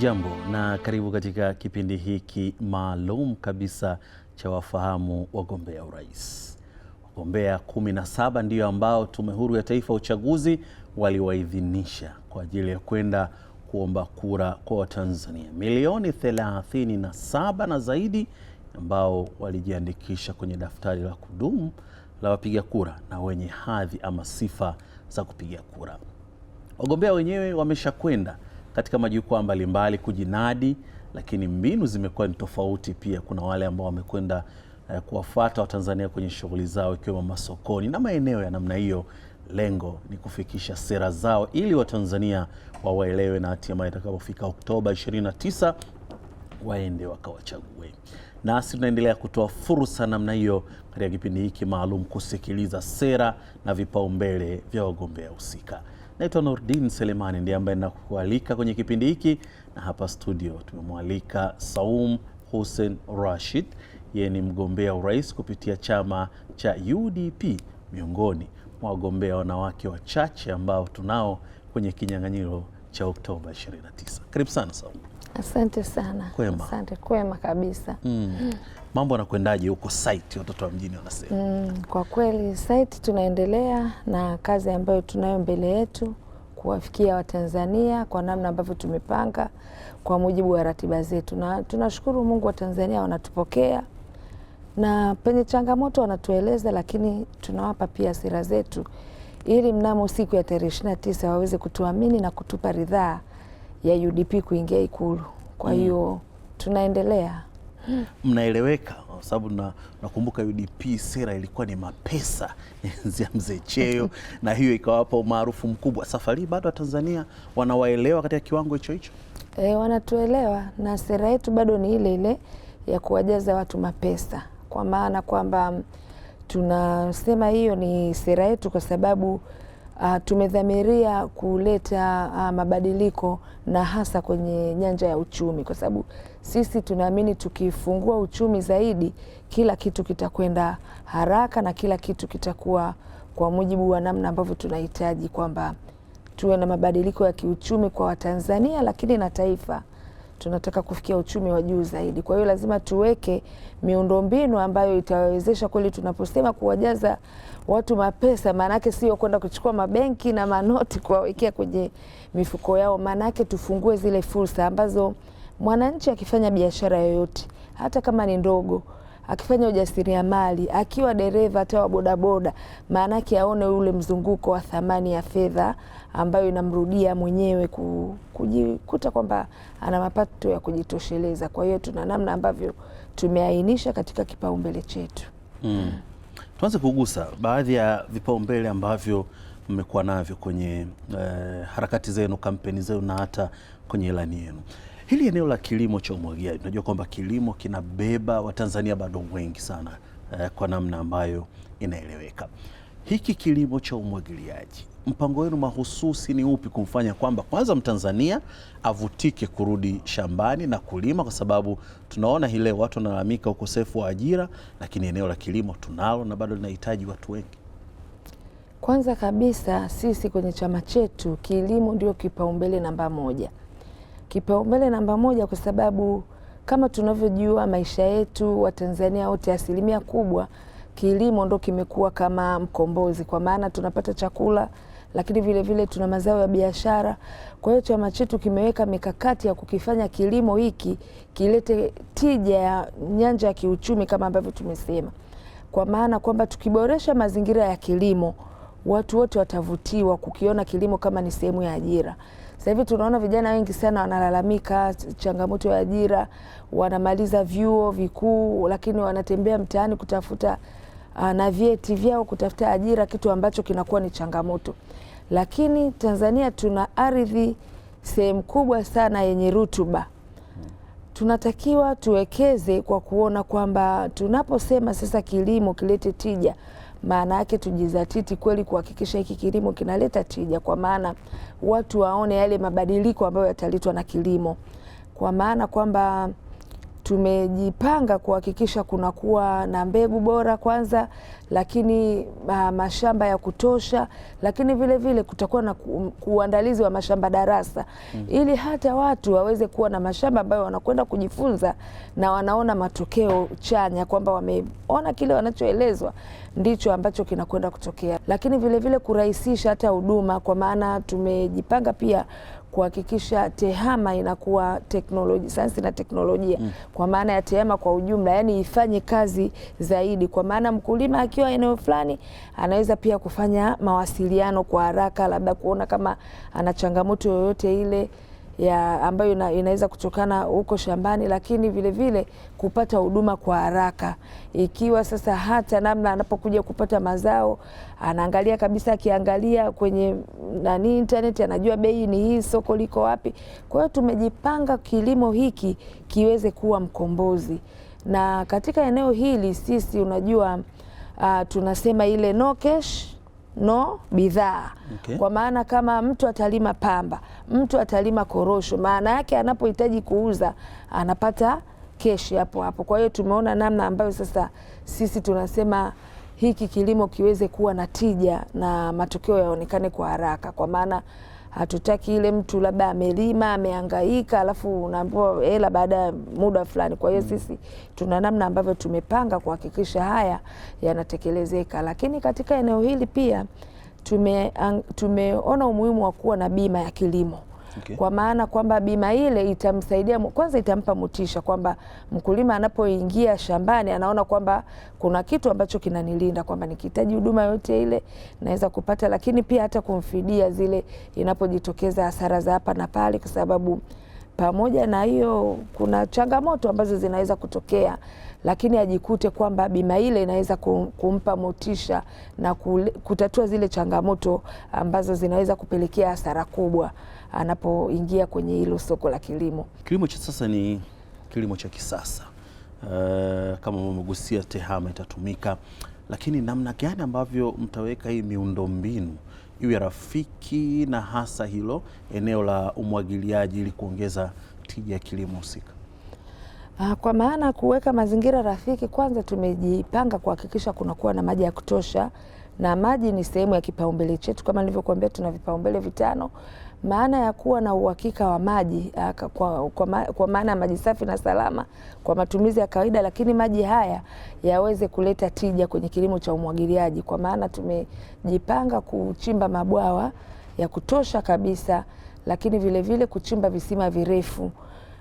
Hujambo na karibu katika kipindi hiki maalum kabisa cha wafahamu wagombea urais. Wagombea 17 ndiyo ambao Tume Huru ya Taifa ya Uchaguzi waliwaidhinisha kwa ajili ya kwenda kuomba kura kwa Watanzania milioni 37 na zaidi ambao walijiandikisha kwenye daftari la kudumu la wapiga kura na wenye hadhi ama sifa za kupiga kura. Wagombea wenyewe wameshakwenda katika majukwaa mbalimbali kujinadi, lakini mbinu zimekuwa ni tofauti. Pia kuna wale ambao wamekwenda eh, kuwafuata Watanzania kwenye shughuli zao ikiwemo masokoni na maeneo ya namna hiyo. Lengo ni kufikisha sera zao ili Watanzania wawaelewe na hatimaye itakapofika Oktoba 29 waende wakawachague. Nasi tunaendelea kutoa fursa namna hiyo katika kipindi hiki maalum kusikiliza sera na vipaumbele vya wagombea husika. Naitwa Nordin Selemani ndiye ambaye nakualika kwenye kipindi hiki, na hapa studio tumemwalika Saum Hussein Rashid. Yeye ni mgombea urais kupitia chama cha UDP, miongoni mwa wagombea wanawake wachache ambao tunao kwenye kinyang'anyiro cha Oktoba 29. Karibu sana Saum. Asante sana. Kwema. Asante, kwema kabisa. Mm. Mm. Mambo yanakwendaje huko site, watoto wa mjini wanasema? Mm, kwa kweli site tunaendelea na kazi ambayo tunayo mbele yetu kuwafikia Watanzania kwa namna ambavyo tumepanga kwa mujibu wa ratiba zetu, na tunashukuru Mungu wa Tanzania wanatupokea na penye changamoto wanatueleza, lakini tunawapa pia sera zetu ili mnamo siku ya tarehe ishirini na tisa waweze kutuamini na kutupa ridhaa ya UDP kuingia Ikulu. Kwa mm. hiyo mm. tunaendelea mnaeleweka kwa sababu nakumbuka na UDP sera ilikuwa ni mapesa nzia mzee Cheyo na hiyo ikawapa umaarufu mkubwa. Safari bado Watanzania wanawaelewa katika kiwango hicho hicho e, wanatuelewa na sera yetu bado ni ile ile ya kuwajaza watu mapesa, kwa maana kwamba tunasema hiyo ni sera yetu kwa sababu Uh, tumedhamiria kuleta uh, mabadiliko na hasa kwenye nyanja ya uchumi, kwa sababu sisi tunaamini tukifungua uchumi zaidi, kila kitu kitakwenda haraka na kila kitu kitakuwa kwa mujibu wa namna ambavyo tunahitaji kwamba tuwe na mabadiliko ya kiuchumi kwa Watanzania, lakini na taifa tunataka kufikia uchumi wa juu zaidi. Kwa hiyo lazima tuweke miundombinu ambayo itawezesha kweli, tunaposema kuwajaza watu mapesa, yake sio kwenda kuchukua mabenki na manoti kuwawekea kwenye mifuko yao, yake tufungue zile fursa ambazo mwananchi akifanya biashara yoyote, hata kama ni ndogo akifanya ujasiriamali, akiwa dereva hata wa bodaboda, maanake aone ule mzunguko wa thamani ya fedha ambayo inamrudia mwenyewe kujikuta kwamba ana mapato ya kujitosheleza. Kwa hiyo tuna namna ambavyo tumeainisha katika kipaumbele chetu mm. Tuanze kugusa baadhi ya vipaumbele ambavyo mmekuwa navyo kwenye eh, harakati zenu, kampeni zenu na hata kwenye ilani yenu. Hili eneo la kilimo cha umwagiliaji, tunajua kwamba kilimo kinabeba Watanzania bado wengi sana eh, kwa namna ambayo inaeleweka. Hiki kilimo cha umwagiliaji mpango wenu mahususi ni upi kumfanya kwamba kwanza Mtanzania avutike kurudi shambani na kulima, kwa sababu tunaona hii leo watu wanalalamika ukosefu wa ajira, lakini eneo la kilimo tunalo na bado linahitaji watu wengi. Kwanza kabisa sisi kwenye chama chetu kilimo ndio kipaumbele namba moja, kipaumbele namba moja kwa sababu kama tunavyojua maisha yetu Watanzania wote asilimia kubwa kilimo ndo kimekuwa kama mkombozi, kwa maana tunapata chakula lakini vilevile vile tuna mazao ya biashara. Kwa hiyo chama chetu kimeweka mikakati ya kukifanya kilimo hiki kilete tija ya nyanja ya kiuchumi kama ambavyo tumesema, kwa maana kwamba tukiboresha mazingira ya kilimo watu wote watavutiwa kukiona kilimo kama ni sehemu ya ajira. Sasa hivi tunaona vijana wengi sana wanalalamika changamoto ya ajira, wanamaliza vyuo vikuu, lakini wanatembea mtaani kutafuta Uh, na vyeti vyao kutafuta ajira, kitu ambacho kinakuwa ni changamoto. Lakini Tanzania tuna ardhi sehemu kubwa sana yenye rutuba, tunatakiwa tuwekeze kwa kuona kwamba tunaposema sasa kilimo kilete tija, maana yake tujizatiti kweli kuhakikisha hiki kilimo kinaleta tija, kwa maana watu waone yale mabadiliko ambayo yataletwa na kilimo, kwa maana kwamba tumejipanga kuhakikisha kunakuwa na mbegu bora kwanza, lakini uh, mashamba ya kutosha, lakini vile vile kutakuwa na ku, uandalizi wa mashamba darasa mm -hmm. ili hata watu waweze kuwa na mashamba ambayo wanakwenda kujifunza na wanaona matokeo chanya kwamba wameona kile wanachoelezwa ndicho ambacho kinakwenda kutokea, lakini vile vile kurahisisha hata huduma, kwa maana tumejipanga pia kuhakikisha tehama inakuwa teknoloji, sayansi na teknolojia mm. kwa maana ya tehama kwa ujumla, yani ifanye kazi zaidi, kwa maana mkulima akiwa eneo fulani anaweza pia kufanya mawasiliano kwa haraka, labda kuona kama ana changamoto yoyote ile ya ambayo ina, inaweza kutokana huko shambani, lakini vilevile vile kupata huduma kwa haraka, ikiwa sasa hata namna anapokuja kupata mazao anaangalia kabisa, akiangalia kwenye nani internet anajua bei ni hii, soko liko wapi. Kwa hiyo tumejipanga kilimo hiki kiweze kuwa mkombozi, na katika eneo hili sisi unajua, uh, tunasema ile no cash no bidhaa okay. Kwa maana kama mtu atalima pamba, mtu atalima korosho, maana yake anapohitaji kuuza anapata keshi hapo hapo. Kwa hiyo tumeona namna ambayo sasa sisi tunasema hiki kilimo kiweze kuwa na tija na matokeo yaonekane kwa haraka, kwa maana hatutaki ile mtu labda amelima ameangaika alafu unaambiwa hela baada ya muda fulani. Kwa hiyo mm. sisi tuna namna ambavyo tumepanga kuhakikisha haya yanatekelezeka, lakini katika eneo hili pia tume, tumeona umuhimu wa kuwa na bima ya kilimo okay. Kwa maana kwamba bima ile itamsaidia kwanza, itampa mutisha kwamba mkulima anapoingia shambani anaona kwamba kuna kitu ambacho kinanilinda, kwamba nikihitaji huduma yote ile naweza kupata, lakini pia hata kumfidia zile inapojitokeza hasara za hapa na pale, kwa sababu pamoja na hiyo kuna changamoto ambazo zinaweza kutokea, lakini ajikute kwamba bima ile inaweza kumpa motisha na kutatua zile changamoto ambazo zinaweza kupelekea hasara kubwa anapoingia kwenye hilo soko la kilimo. Kilimo cha sasa ni kilimo cha kisasa. Uh, kama umegusia TEHAMA itatumika, lakini namna gani ambavyo mtaweka hii miundombinu iwe rafiki na hasa hilo eneo la umwagiliaji ili kuongeza tija ya kilimo husika? Ah, kwa maana kuweka mazingira rafiki, kwanza tumejipanga kuhakikisha kunakuwa na maji ya kutosha, na maji ni sehemu ya kipaumbele chetu. Kama nilivyokuambia, tuna vipaumbele vitano maana ya kuwa na uhakika wa maji ah, kwa, kwa, kwa maana ya maji safi na salama kwa matumizi ya kawaida, lakini maji haya yaweze kuleta tija kwenye kilimo cha umwagiliaji, kwa maana tumejipanga kuchimba mabwawa ya kutosha kabisa, lakini vilevile vile kuchimba visima virefu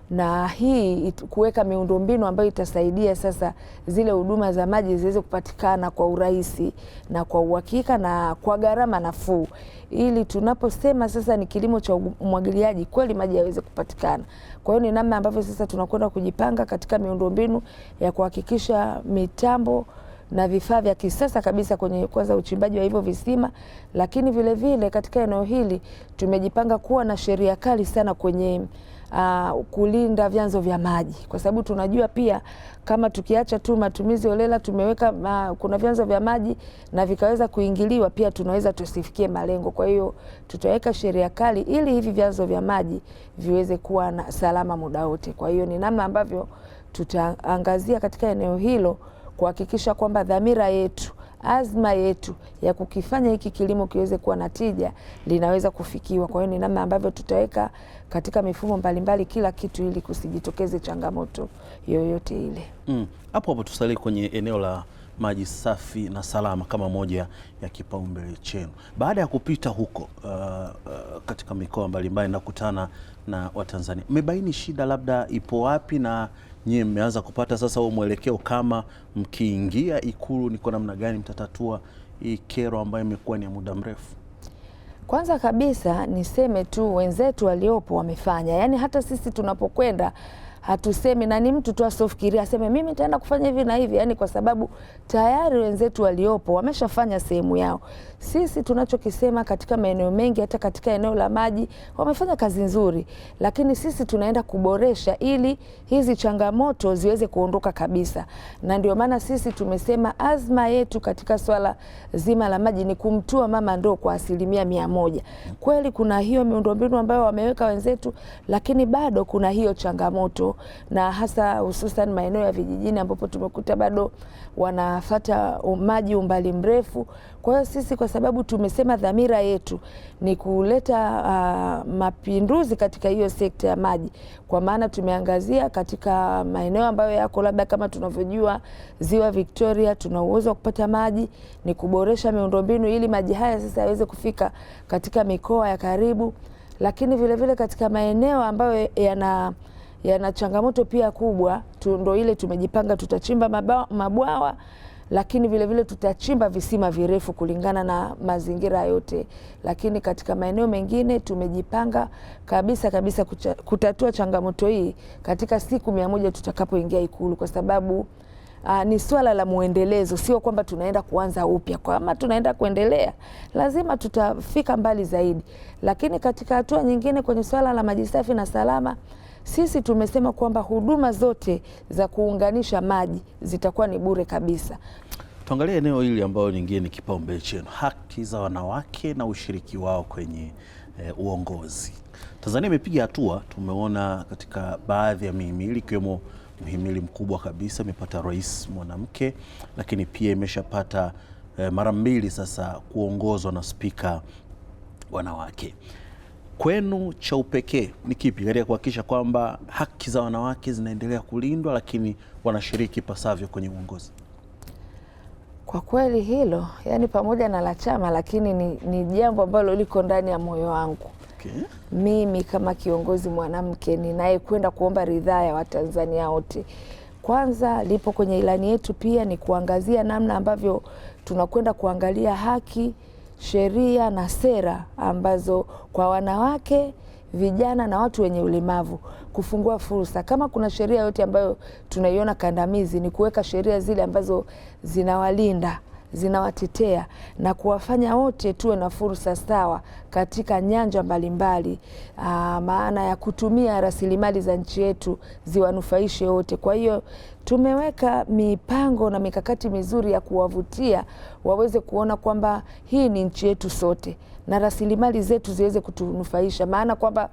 na hii kuweka miundombinu ambayo itasaidia sasa zile huduma za maji ziweze kupatikana kwa urahisi na kwa uhakika na kwa gharama nafuu, ili tunaposema sasa ni kilimo cha umwagiliaji kweli maji yaweze kupatikana. Kwa hiyo ni namna ambavyo sasa tunakwenda kujipanga katika miundombinu ya kuhakikisha mitambo na vifaa vya kisasa kabisa kwenye kwanza uchimbaji wa hivyo visima, lakini vilevile vile katika eneo hili tumejipanga kuwa na sheria kali sana kwenye uh, kulinda vyanzo vya maji, kwa sababu tunajua pia kama tukiacha tu matumizi holela, tumeweka uh, kuna vyanzo vya maji na vikaweza kuingiliwa, pia tunaweza tusifikie malengo. Kwa hiyo tutaweka sheria kali ili hivi vyanzo vya maji viweze kuwa na salama muda wote. Kwa hiyo ni namna ambavyo tutaangazia katika eneo hilo kuhakikisha kwamba dhamira yetu azma yetu ya kukifanya hiki kilimo kiweze kuwa na tija linaweza kufikiwa. Kwa hiyo ni namna ambavyo tutaweka katika mifumo mbalimbali kila kitu ili kusijitokeze changamoto yoyote ile. Mm. Hapo hapo tusalie kwenye eneo la maji safi na salama kama moja ya kipaumbele chenu. Baada ya kupita huko uh, uh, katika mikoa mbalimbali na kukutana na Watanzania, mmebaini shida labda ipo wapi na nyie mmeanza kupata sasa huo mwelekeo, kama mkiingia Ikulu, ni kwa namna gani mtatatua hii kero ambayo imekuwa ni ya muda mrefu? Kwanza kabisa niseme tu wenzetu waliopo wamefanya, yaani hata sisi tunapokwenda hatusemi na ni mtu tu asofikiria aseme mimi nitaenda kufanya hivi na hivi, yani kwa sababu tayari wenzetu waliopo wameshafanya sehemu yao. Sisi tunachokisema katika maeneo mengi, hata katika eneo la maji wamefanya kazi nzuri, lakini sisi tunaenda kuboresha ili hizi changamoto ziweze kuondoka kabisa, na ndio maana sisi tumesema azma yetu katika swala zima la maji ni kumtua mama ndoo kwa asilimia mia moja. Kweli kuna hiyo miundombinu ambayo wameweka wenzetu, lakini bado kuna hiyo changamoto na hasa hususan maeneo ya vijijini ambapo tumekuta bado wanafata maji umbali mrefu. Kwa hiyo sisi, kwa sababu tumesema dhamira yetu ni kuleta uh, mapinduzi katika hiyo sekta ya maji, kwa maana tumeangazia katika maeneo ambayo yako labda kama tunavyojua ziwa Victoria, tuna uwezo wa kupata maji, ni kuboresha miundombinu ili maji haya sasa yaweze kufika katika mikoa ya karibu, lakini vilevile vile katika maeneo ambayo yana yana changamoto pia kubwa tu, ndo ile tumejipanga tutachimba mabwawa lakini vilevile vile tutachimba visima virefu kulingana na mazingira yote, lakini katika maeneo mengine tumejipanga kabisa kabisa kucha, kutatua changamoto hii katika siku mia moja tutakapoingia Ikulu kwa sababu aa, ni swala la mwendelezo, sio kwamba tunaenda kuanza upya, kama tunaenda kuendelea lazima tutafika mbali zaidi. Lakini katika hatua nyingine, kwenye swala la maji safi na salama, sisi tumesema kwamba huduma zote za kuunganisha maji zitakuwa ni bure kabisa. Tuangalie eneo hili ambayo nyingine ni kipaumbele chenu, haki za wanawake na ushiriki wao kwenye e, uongozi. Tanzania imepiga hatua, tumeona katika baadhi ya mihimili ikiwemo mhimili mkubwa kabisa imepata rais mwanamke, lakini pia imeshapata e, mara mbili sasa kuongozwa na spika wanawake kwenu cha upekee ni kipi katika kuhakikisha kwamba haki za wanawake zinaendelea kulindwa, lakini wanashiriki pasavyo kwenye uongozi? Kwa kweli hilo, yani pamoja na la chama, lakini ni, ni jambo ambalo liko ndani ya moyo wangu. Okay. Mimi kama kiongozi mwanamke ninayekwenda kuomba ridhaa ya Watanzania wote, kwanza lipo kwenye ilani yetu, pia ni kuangazia namna ambavyo tunakwenda kuangalia haki sheria na sera ambazo kwa wanawake, vijana na watu wenye ulemavu, kufungua fursa. Kama kuna sheria yote ambayo tunaiona kandamizi, ni kuweka sheria zile ambazo zinawalinda zinawatetea na kuwafanya wote tuwe na fursa sawa katika nyanja mbalimbali mbali. Ah, maana ya kutumia rasilimali za nchi yetu ziwanufaishe wote. Kwa hiyo tumeweka mipango na mikakati mizuri ya kuwavutia waweze kuona kwamba hii ni nchi yetu sote na rasilimali zetu ziweze kutunufaisha, maana kwamba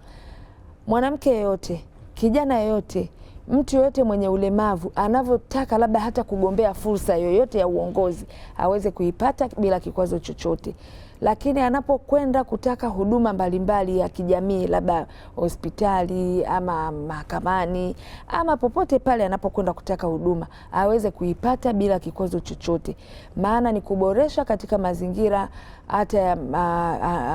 mwanamke yeyote, kijana yeyote mtu yoyote mwenye ulemavu anavyotaka labda hata kugombea fursa yoyote ya uongozi aweze kuipata bila kikwazo chochote lakini anapokwenda kutaka huduma mbalimbali ya kijamii, labda hospitali ama mahakamani ama popote pale anapokwenda kutaka huduma, aweze kuipata bila kikwazo chochote, maana ni kuboresha katika mazingira hata ya,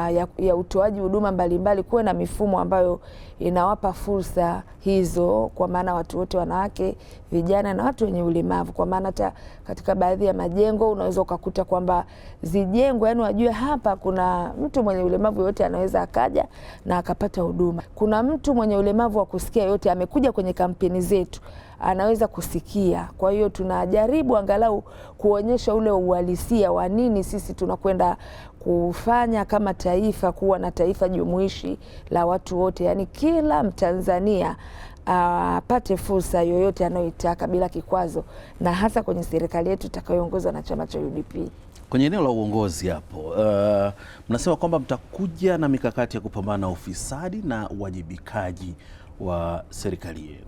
ya, ya utoaji huduma mbalimbali, kuwe na mifumo ambayo inawapa fursa hizo, kwa maana watu wote, wanawake, vijana na watu wenye ulemavu, kwa maana hata katika baadhi ya majengo unaweza ukakuta kwamba zijengwe, yani wajue hapa kuna mtu mwenye ulemavu yote anaweza akaja na akapata huduma. Kuna mtu mwenye ulemavu wa kusikia yote amekuja kwenye kampeni zetu, anaweza kusikia. Kwa hiyo tunajaribu angalau kuonyesha ule uhalisia wa nini sisi tunakwenda kufanya kama taifa, kuwa na taifa jumuishi la watu wote, yaani kila Mtanzania ah, apate uh, fursa yoyote anayoitaka bila kikwazo, na hasa kwenye serikali yetu itakayoongozwa na chama cha UDP. Kwenye eneo la uongozi hapo, uh, mnasema kwamba mtakuja na mikakati ya kupambana na ufisadi na uwajibikaji wa serikali yenu.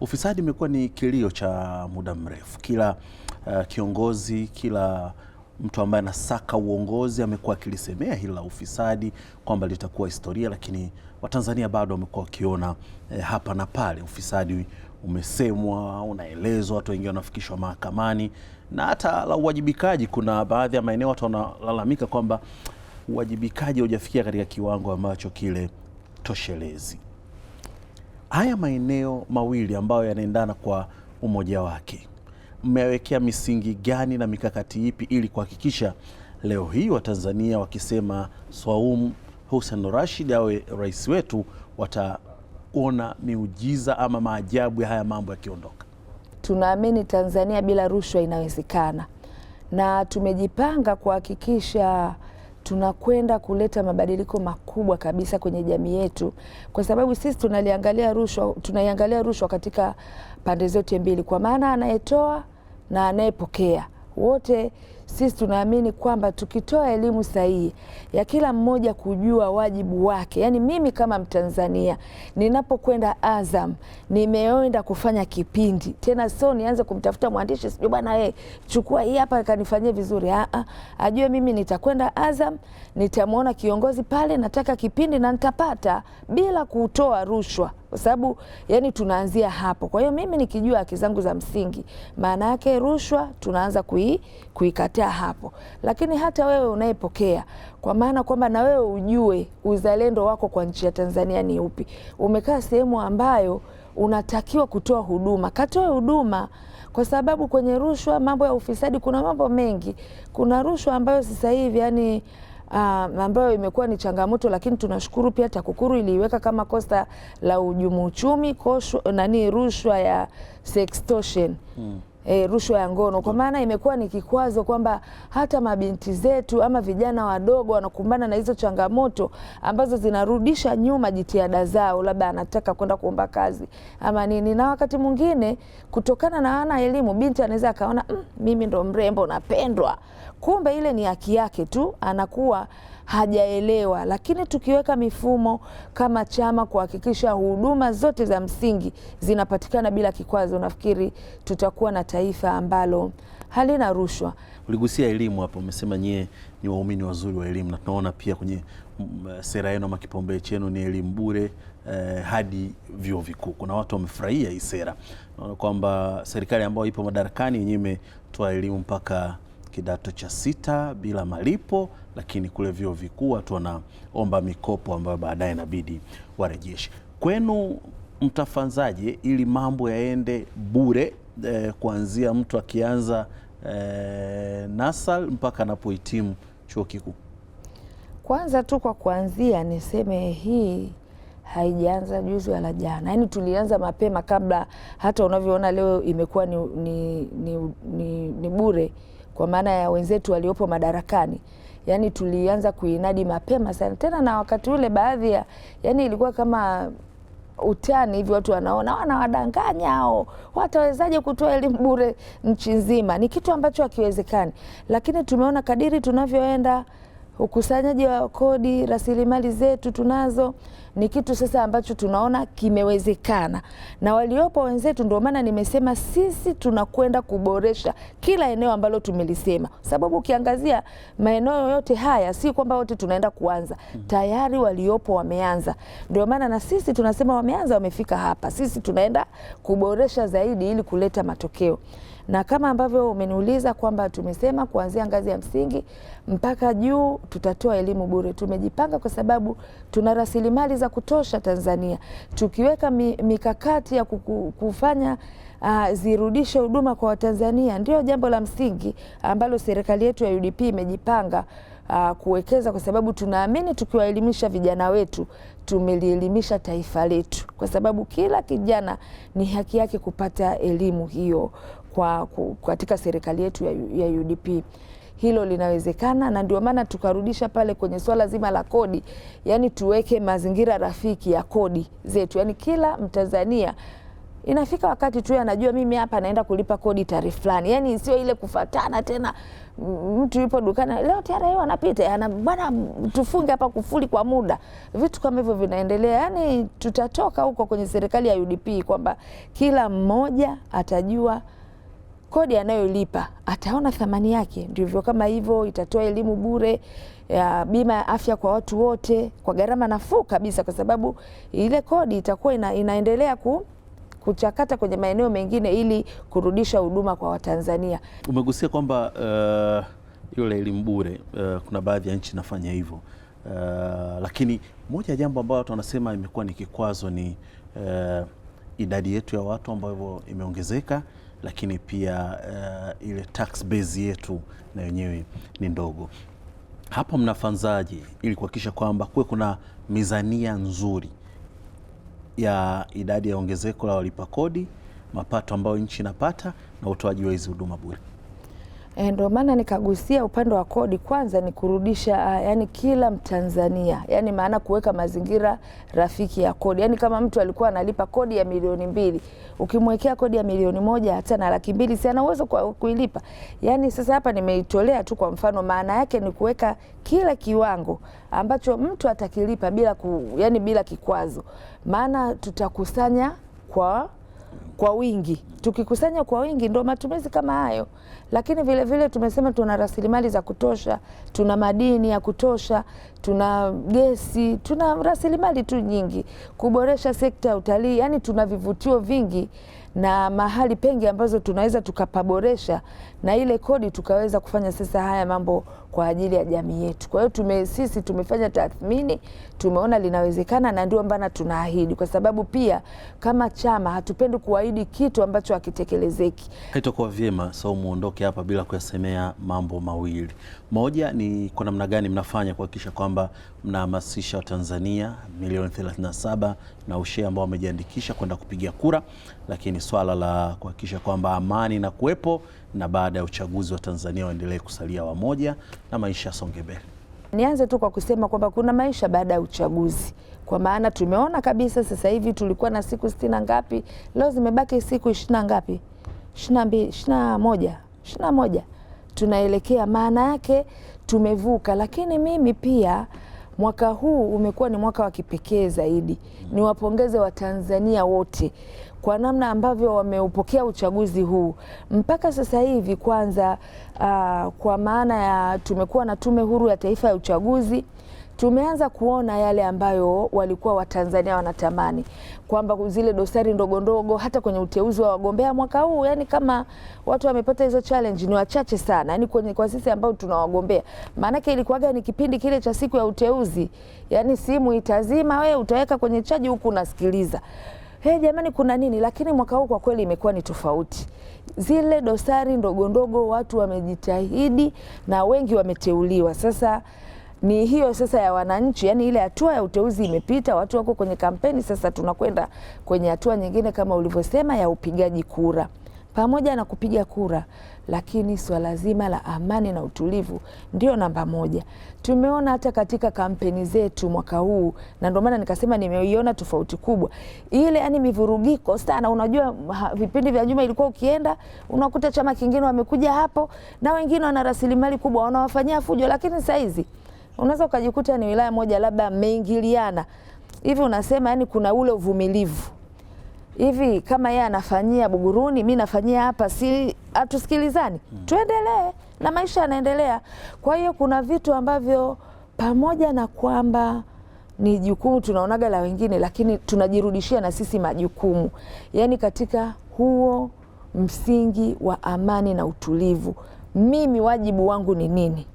Ufisadi imekuwa ni kilio cha muda mrefu. Kila uh, kiongozi, kila mtu ambaye anasaka uongozi amekuwa akilisemea hili la ufisadi kwamba litakuwa historia, lakini Watanzania bado wamekuwa wakiona eh, hapa na pale. Ufisadi umesemwa, unaelezwa, watu wengi wanafikishwa mahakamani na hata la uwajibikaji. Kuna baadhi ya maeneo watu wanalalamika kwamba uwajibikaji haujafikia katika kiwango ambacho kile toshelezi. Haya maeneo mawili ambayo yanaendana kwa umoja wake, mmewekea misingi gani na mikakati ipi ili kuhakikisha leo hii Watanzania wakisema Swaum Hussein Rashid awe rais wetu wataona miujiza ama maajabu ya haya mambo yakiondoka? tunaamini Tanzania bila rushwa inawezekana, na tumejipanga kuhakikisha tunakwenda kuleta mabadiliko makubwa kabisa kwenye jamii yetu, kwa sababu sisi tunaliangalia rushwa, tunaiangalia rushwa katika pande zote mbili, kwa maana anayetoa na anayepokea wote sisi tunaamini kwamba tukitoa elimu sahihi ya kila mmoja kujua wajibu wake, yaani mimi kama Mtanzania ninapokwenda Azam, nimeenda kufanya kipindi tena, so nianze kumtafuta mwandishi sijui bwana, hey, chukua hii hapa kanifanyie vizuri. Aa, ajue mimi nitakwenda Azam, nitamwona kiongozi pale, nataka kipindi na nitapata bila kutoa rushwa kwa sababu yani tunaanzia hapo. Kwa hiyo mimi nikijua haki zangu za msingi, maana yake rushwa tunaanza kui, kuikataa hapo, lakini hata wewe unayepokea, kwa maana kwamba na wewe ujue uzalendo wako kwa nchi ya Tanzania ni upi. Umekaa sehemu ambayo unatakiwa kutoa huduma, katoe huduma kwa sababu kwenye rushwa, mambo ya ufisadi, kuna mambo mengi. Kuna rushwa ambayo sasa hivi yani uh, ambayo imekuwa ni changamoto, lakini tunashukuru pia TAKUKURU iliiweka kama kosa la uhujumu uchumi nani rushwa ya sextortion hmm. E, rushwa ya ngono kwa hmm. maana imekuwa ni kikwazo kwamba hata mabinti zetu ama vijana wadogo wanakumbana na hizo changamoto ambazo zinarudisha nyuma jitihada zao, labda anataka kwenda kuomba kazi ama nini, na wakati mwingine kutokana na hana elimu, binti anaweza akaona mm, mimi ndo mrembo napendwa, kumbe ile ni haki yake tu, anakuwa hajaelewa. Lakini tukiweka mifumo kama chama kuhakikisha huduma zote za msingi zinapatikana bila kikwazo, nafikiri tutakuwa na taifa ambalo halina rushwa. Uligusia elimu hapo, umesema nyie ni waumini wazuri wa elimu, na tunaona pia kwenye mm, sera yenu ama kipaumbele chenu ni elimu bure eh, hadi vyuo vikuu. Kuna watu wamefurahia hii sera, naona kwamba serikali ambayo ipo madarakani yenyewe imetoa elimu mpaka kidato cha sita bila malipo, lakini kule vyuo vikuu watu wanaomba mikopo ambayo baadaye inabidi warejeshe. Kwenu mtafanzaje ili mambo yaende bure eh, kuanzia mtu akianza eh, nasal mpaka anapohitimu chuo kikuu? Kwanza tu kwa kuanzia niseme hii haijaanza juzi wala jana, yaani tulianza mapema kabla hata unavyoona leo imekuwa ni, ni, ni, ni, ni bure kwa maana ya wenzetu waliopo madarakani. Yani tulianza kuinadi mapema sana tena, na wakati ule baadhi ya yani ilikuwa kama utani hivi, watu wanaona wanawadanganya au watawezaje kutoa elimu bure nchi nzima? Ni kitu ambacho hakiwezekani, lakini tumeona kadiri tunavyoenda ukusanyaji wa kodi, rasilimali zetu tunazo, ni kitu sasa ambacho tunaona kimewezekana na waliopo wenzetu. Ndio maana nimesema sisi tunakwenda kuboresha kila eneo ambalo tumelisema, sababu ukiangazia maeneo yote haya si kwamba wote tunaenda kuanza, mm-hmm. tayari waliopo wameanza. Ndio maana na sisi tunasema wameanza, wamefika hapa, sisi tunaenda kuboresha zaidi ili kuleta matokeo na kama ambavyo umeniuliza kwamba tumesema kuanzia ngazi ya msingi mpaka juu tutatoa elimu bure. Tumejipanga kwa sababu tuna rasilimali za kutosha Tanzania. Tukiweka mikakati ya kufanya uh, zirudishe huduma kwa Watanzania, ndio jambo la msingi ambalo serikali yetu ya UDP imejipanga uh, kuwekeza, kwa sababu tunaamini tukiwaelimisha vijana wetu tumelielimisha taifa letu, kwa sababu kila kijana ni haki yake kupata elimu hiyo kwa, kwa, katika serikali yetu ya, ya UDP hilo linawezekana, na ndio maana tukarudisha pale kwenye swala zima la kodi, yani tuweke mazingira rafiki ya kodi zetu, yani kila Mtanzania inafika wakati tu anajua mimi hapa naenda kulipa kodi tarehe fulani, yani sio ile kufatana tena. Mtu yupo dukani leo tayari yeye anapita ana bwana, tufunge hapa kufuli kwa muda, vitu kama hivyo vinaendelea. Yani tutatoka huko kwenye serikali ya UDP kwamba kila mmoja atajua kodi anayolipa ataona thamani yake. Ndivyo kama hivyo, itatoa elimu bure ya bima ya afya kwa watu wote kwa gharama nafuu kabisa, kwa sababu ile kodi itakuwa ina, inaendelea ku kuchakata kwenye maeneo mengine ili kurudisha huduma kwa Watanzania. Umegusia kwamba uh, yule elimu bure uh, kuna baadhi ya nchi inafanya hivyo uh, lakini moja ya jambo ambayo watu wanasema imekuwa ni kikwazo ni uh, idadi yetu ya watu ambavyo imeongezeka lakini pia uh, ile tax base yetu na yenyewe ni ndogo. Hapa mnafanzaje ili kuhakikisha kwamba kuwe kuna mizania nzuri ya idadi ya ongezeko la walipa kodi, mapato ambayo nchi inapata na utoaji wa hizi huduma bure? Eh, ndio maana nikagusia upande wa kodi kwanza, ni kurudisha ah, yani kila Mtanzania, yani maana kuweka mazingira rafiki ya kodi. Yani kama mtu alikuwa analipa kodi ya milioni mbili, ukimwekea kodi ya milioni moja hata na laki mbili, si ana uwezo kuilipa? Yani sasa hapa nimeitolea tu kwa mfano, maana yake ni kuweka kila kiwango ambacho mtu atakilipa bila ku, yani bila kikwazo, maana tutakusanya kwa kwa wingi. Tukikusanya kwa wingi ndo matumizi kama hayo, lakini vilevile vile tumesema tuna rasilimali za kutosha, tuna madini ya kutosha, tuna gesi, tuna rasilimali tu nyingi kuboresha sekta ya utalii. Yani tuna vivutio vingi na mahali pengi ambazo tunaweza tukapaboresha na ile kodi tukaweza kufanya sasa haya mambo kwa ajili ya jamii yetu. Kwa hiyo tume, sisi tumefanya tathmini, tumeona linawezekana na ndio maana tunaahidi, kwa sababu pia kama chama hatupendi kuahidi kitu ambacho hakitekelezeki. Haitakuwa vyema sau muondoke hapa bila kuyasemea mambo mawili. Moja ni kwa namna gani mnafanya kuhakikisha kwamba mnahamasisha Watanzania milioni 37 na ushee ambao wamejiandikisha kwenda kupiga kura, lakini swala la kuhakikisha kwamba amani na kuwepo na baada ya uchaguzi wa Tanzania waendelee kusalia wamoja na maisha yasonge mbele. Nianze tu kwa kusema kwamba kuna maisha baada ya uchaguzi, kwa maana tumeona kabisa sasa hivi tulikuwa na siku sitini na ngapi, leo zimebaki siku ishirini na ngapi, ishirini na moja, ishirini na moja tunaelekea. Maana yake tumevuka, lakini mimi pia mwaka huu umekuwa ni mwaka wa kipekee zaidi. Niwapongeze Watanzania wote kwa namna ambavyo wameupokea uchaguzi huu mpaka sasa hivi. Kwanza uh, kwa maana ya tumekuwa na Tume Huru ya Taifa ya Uchaguzi, tumeanza kuona yale ambayo walikuwa Watanzania wanatamani kwamba zile dosari ndogo ndogo hata kwenye uteuzi wa wagombea mwaka huu, yani kama watu wamepata hizo challenge ni wachache sana, yani kwenye kwa sisi ambao tunawagombea. Maanake ilikuwaga ni kipindi kile cha siku ya uteuzi, yani simu itazima, we utaweka kwenye chaji huku unasikiliza hey, jamani kuna nini? Lakini mwaka huu kwa kweli imekuwa ni tofauti. Zile dosari ndogo ndogo watu wamejitahidi na wengi wameteuliwa. Sasa ni hiyo sasa ya wananchi, yani ile hatua ya uteuzi imepita, watu wako kwenye kampeni. Sasa tunakwenda kwenye hatua nyingine kama ulivyosema ya upigaji kura. Pamoja na kupiga kura, lakini swala zima la amani na utulivu ndio namba moja. Tumeona hata katika kampeni zetu mwaka huu, na ndio maana nikasema nimeiona tofauti kubwa ile, yani mivurugiko sana. Unajua vipindi vya nyuma ilikuwa ukienda unakuta chama kingine wamekuja hapo, na wengine wana rasilimali kubwa wanawafanyia fujo, lakini saizi unaweza ukajikuta ni wilaya moja labda mmeingiliana hivi, unasema yani kuna ule uvumilivu hivi kama yeye anafanyia Buguruni, mi nafanyia hapa, si hatusikilizani mm. Tuendelee na maisha yanaendelea. Kwa hiyo kuna vitu ambavyo pamoja na kwamba ni jukumu tunaonaga la wengine, lakini tunajirudishia na sisi majukumu, yaani katika huo msingi wa amani na utulivu. Mimi wajibu wangu ni nini?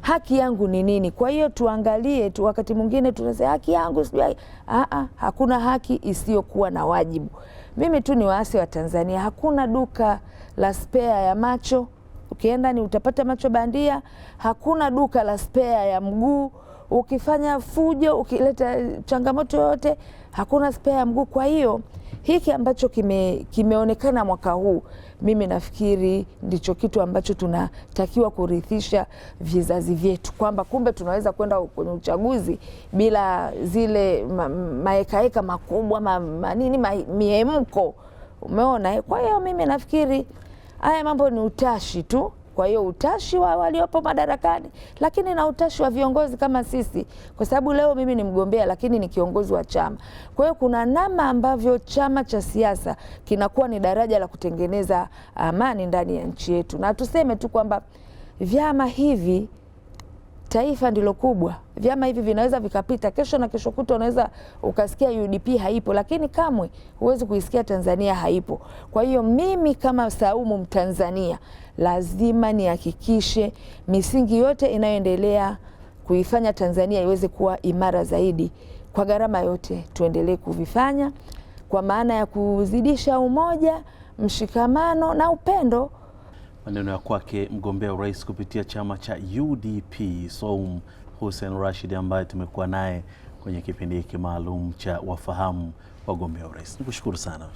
Haki yangu ni nini? Kwa hiyo tuangalie tu, wakati mwingine tunasema haki yangu sijui. Aa, hakuna haki isiyokuwa na wajibu. Mimi tu ni waasi wa Tanzania, hakuna duka la spea ya macho, ukienda ni utapata macho bandia. Hakuna duka la spea ya mguu. Ukifanya fujo, ukileta changamoto yoyote, hakuna spare ya mguu. Kwa hiyo hiki ambacho kime, kimeonekana mwaka huu mimi nafikiri ndicho kitu ambacho tunatakiwa kurithisha vizazi vyetu, kwamba kumbe tunaweza kwenda kwenye uchaguzi bila zile ma, maekaeka makubwa manini ma, miemko. Umeona? Kwa hiyo mimi nafikiri Haya mambo ni utashi tu. Kwa hiyo utashi wa waliopo madarakani, lakini na utashi wa viongozi kama sisi, kwa sababu leo mimi ni mgombea, lakini ni kiongozi wa chama. Kwa hiyo kuna namna ambavyo chama cha siasa kinakuwa ni daraja la kutengeneza amani ndani ya nchi yetu, na tuseme tu kwamba vyama hivi taifa ndilo kubwa. Vyama hivi vinaweza vikapita kesho na kesho kutwa, unaweza ukasikia UDP haipo, lakini kamwe huwezi kuisikia Tanzania haipo. Kwa hiyo mimi kama Saumu Mtanzania lazima nihakikishe misingi yote inayoendelea kuifanya Tanzania iweze kuwa imara zaidi, kwa gharama yote tuendelee kuvifanya, kwa maana ya kuzidisha umoja, mshikamano na upendo Maneno ya kwake mgombea urais kupitia chama cha UDP Soum Hussein Rashid ambaye tumekuwa naye kwenye kipindi hiki maalum cha wafahamu wagombea urais. Nikushukuru sana.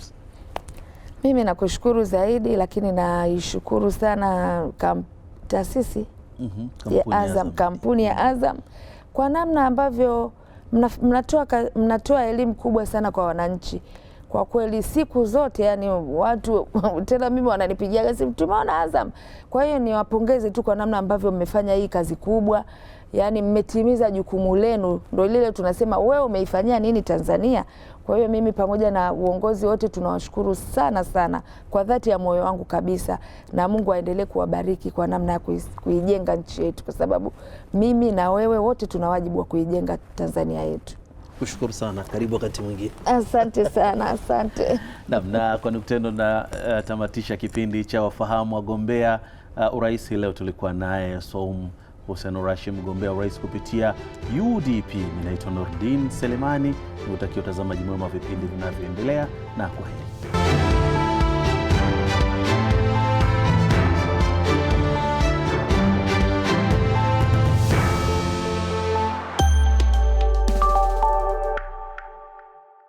Mimi nakushukuru zaidi, lakini naishukuru sana taasisi mm -hmm, ya Azam, kampuni ya Azam kwa namna ambavyo mnatoa mnatoa elimu kubwa sana kwa wananchi kwa kweli siku zote yani watu tena mimi wananipigia simu, tumeona Azam. Kwa hiyo niwapongeze tu kwa namna ambavyo mmefanya hii kazi kubwa, yani mmetimiza jukumu lenu, ndo lile tunasema wewe umeifanyia nini Tanzania. Kwa hiyo mimi pamoja na uongozi wote tunawashukuru sana sana kwa dhati ya moyo wangu kabisa, na Mungu aendelee kuwabariki kwa namna ya kuijenga nchi yetu, kwa sababu mimi na wewe wote tuna wajibu wa kuijenga Tanzania yetu. Kushukuru sana, karibu wakati mwingine. Asante sana, asante nam. Na kwa nukta hiyo natamatisha eh, uh, kipindi cha wafahamu wagombea uh, urais. Leo tulikuwa naye Soum Hussein Urashi, mgombea urais kupitia UDP. inaitwa Nordin Selemani, nikutakia utazamaji mwema wa vipindi vinavyoendelea na kwaheri.